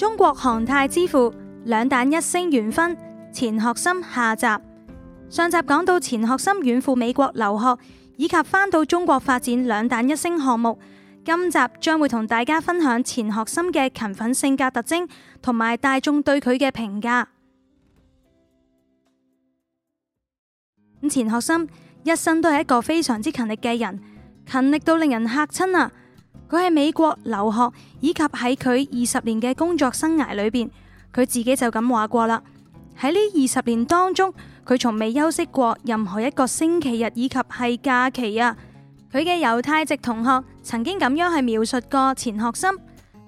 中國航太之父兩彈一星元勛錢學森下集。上集講到錢學森遠赴美國留學以及返到中國發展兩彈一星項目，今集將會同大家分享錢學森嘅勤奮性格特徵同埋大眾對佢嘅評價。咁錢學森一生都係一個非常之勤力嘅人，勤力到令人吓親啊！佢喺美國留學，以及喺佢二十年嘅工作生涯裏邊，佢自己就咁話過啦。喺呢二十年當中，佢從未休息過任何一個星期日以及係假期啊。佢嘅猶太籍同學曾經咁樣係描述過錢學森：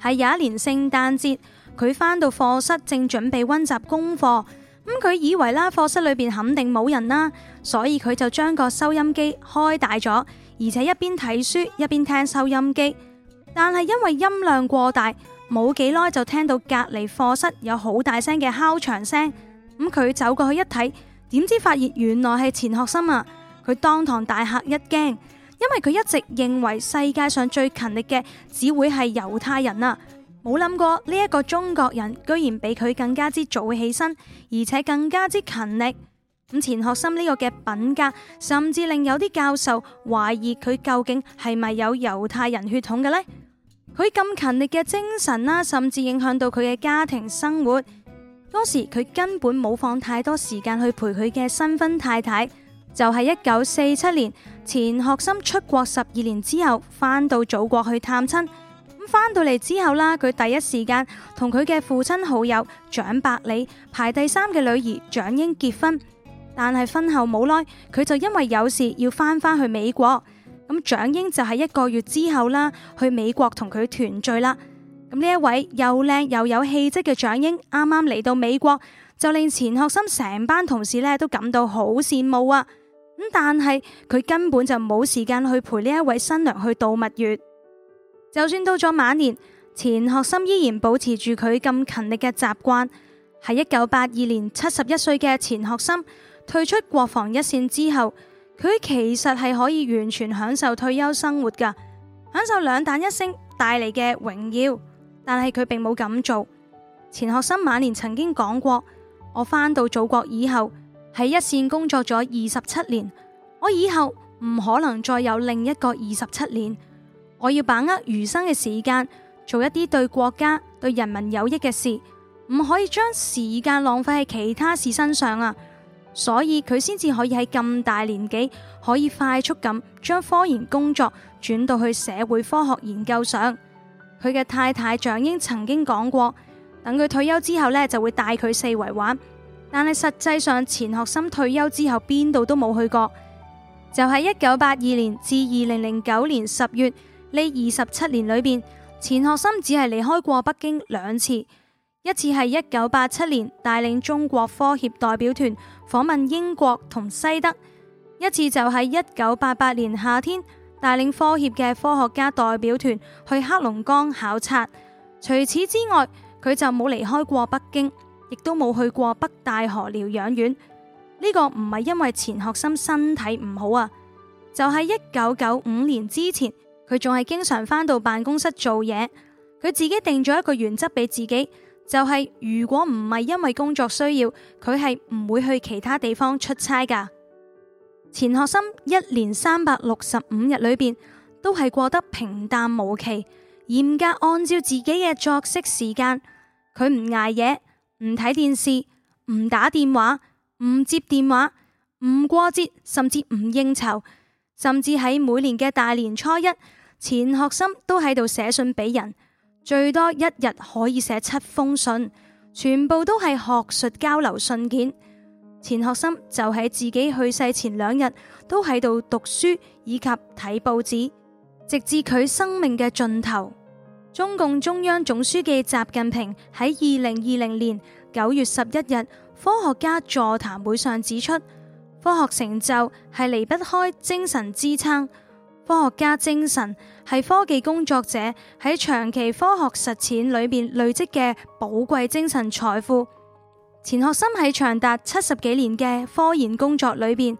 係有一年聖誕節，佢返到課室正準備温習功課，咁、嗯、佢以為啦課室裏邊肯定冇人啦，所以佢就將個收音機開大咗，而且一邊睇書一邊聽收音機。但係因為音量過大，冇幾耐就聽到隔籬課室有好大聲嘅敲牆聲。咁、嗯、佢走過去一睇，點知發現原來係錢學森啊！佢當堂大嚇一驚，因為佢一直認為世界上最勤力嘅只會係猶太人啊，冇諗過呢一、這個中國人居然比佢更加之早起身，而且更加之勤力。咁錢學森呢個嘅品格，甚至令有啲教授懷疑佢究竟係咪有猶太人血統嘅呢？佢咁勤力嘅精神啦，甚至影響到佢嘅家庭生活。當時佢根本冇放太多時間去陪佢嘅新婚太太。就係一九四七年，錢學森出國十二年之後，翻到祖國去探親。咁翻到嚟之後啦，佢第一時間同佢嘅父親好友蔣百里排第三嘅女兒蔣英結婚。但係婚後冇耐，佢就因為有事要翻返去美國。咁蔣英就喺一個月之後啦，去美國同佢團聚啦。咁呢一位又靚又有氣質嘅蔣英，啱啱嚟到美國，就令錢學森成班同事咧都感到好羨慕啊！咁但係佢根本就冇時間去陪呢一位新娘去度蜜月。就算到咗晚年，錢學森依然保持住佢咁勤力嘅習慣。喺一九八二年七十一歲嘅錢學森退出國防一線之後，佢其實係可以完全享受退休生活噶，享受兩彈一星帶嚟嘅榮耀，但係佢並冇咁做。錢學森晚年曾經講過：我翻到祖國以後，喺一線工作咗二十七年，我以後唔可能再有另一個二十七年。我要把握餘生嘅時間，做一啲對國家、對人民有益嘅事，唔可以將時間浪費喺其他事身上啊！所以佢先至可以喺咁大年紀可以快速咁將科研工作轉到去社會科學研究上。佢嘅太太蔣英曾經講過，等佢退休之後呢，就會帶佢四圍玩。但係實際上，錢學森退休之後邊度都冇去過，就喺一九八二年至二零零九年十月呢二十七年裏邊，錢學森只係離開過北京兩次。一次係一九八七年帶領中國科協代表團訪問英國同西德，一次就喺一九八八年夏天帶領科協嘅科學家代表團去黑龍江考察。除此之外，佢就冇離開過北京，亦都冇去過北大河療養院。呢個唔係因為錢學森身體唔好啊，就係一九九五年之前，佢仲係經常返到辦公室做嘢。佢自己定咗一個原則俾自己。就係如果唔係因為工作需要，佢係唔會去其他地方出差噶。錢學森一年三百六十五日裏邊，都係過得平淡無奇，嚴格按照自己嘅作息時間。佢唔挨夜，唔睇電視，唔打電話，唔接電話，唔過節，甚至唔應酬，甚至喺每年嘅大年初一，錢學森都喺度寫信俾人。最多一日可以寫七封信，全部都係學術交流信件。錢學森就喺自己去世前兩日都喺度讀書以及睇報紙，直至佢生命嘅盡頭。中共中央總書記習近平喺二零二零年九月十一日科學家座談會上指出，科學成就係離不開精神支撐。科學家精神係科技工作者喺長期科學實踐裏邊累積嘅寶貴精神財富。錢學森喺長達七十幾年嘅科研工作裏邊，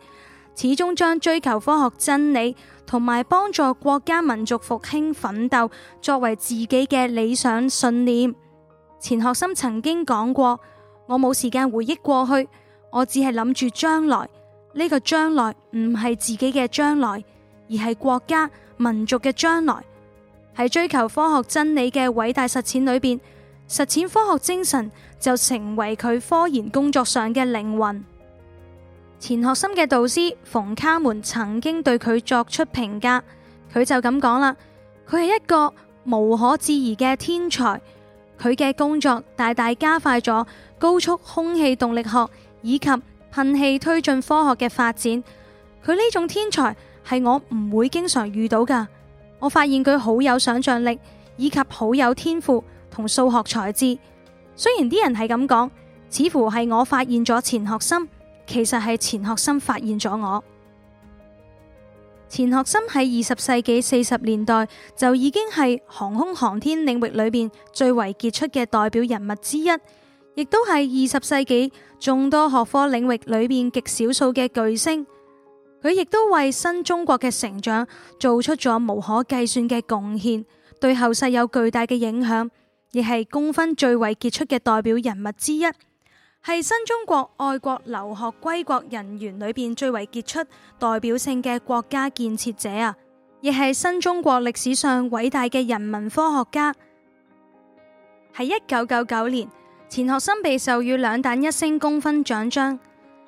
始終將追求科學真理同埋幫助國家民族復興奮鬥作為自己嘅理想信念。錢學森曾經講過：我冇時間回憶過去，我只係諗住將來。呢個將來唔係自己嘅將來。而係國家民族嘅將來，喺追求科學真理嘅偉大實踐裏邊，實踐科學精神就成為佢科研工作上嘅靈魂。錢學森嘅導師馮卡門曾經對佢作出評價，佢就咁講啦：佢係一個無可置疑嘅天才。佢嘅工作大大加快咗高速空氣動力學以及噴氣推進科學嘅發展。佢呢種天才。係我唔會經常遇到噶。我發現佢好有想象力，以及好有天賦同數學才智。雖然啲人係咁講，似乎係我發現咗錢學森，其實係錢學森發現咗我。錢學森喺二十世紀四十年代就已經係航空航天領域裏邊最為傑出嘅代表人物之一，亦都係二十世紀眾多學科領域裏邊極少數嘅巨星。佢亦都為新中國嘅成長做出咗無可計算嘅貢獻，對後世有巨大嘅影響，亦係功勳最為傑出嘅代表人物之一，係新中國愛國留學歸國人員裏邊最為傑出代表性嘅國家建設者啊！亦係新中國歷史上偉大嘅人民科學家。喺一九九九年，錢學森被授予兩彈一星功勳獎章。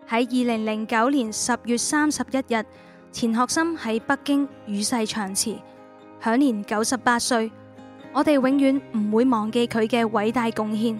喺二零零九年十月三十一日，錢學森喺北京與世長辭，享年九十八歲。我哋永遠唔會忘記佢嘅偉大貢獻。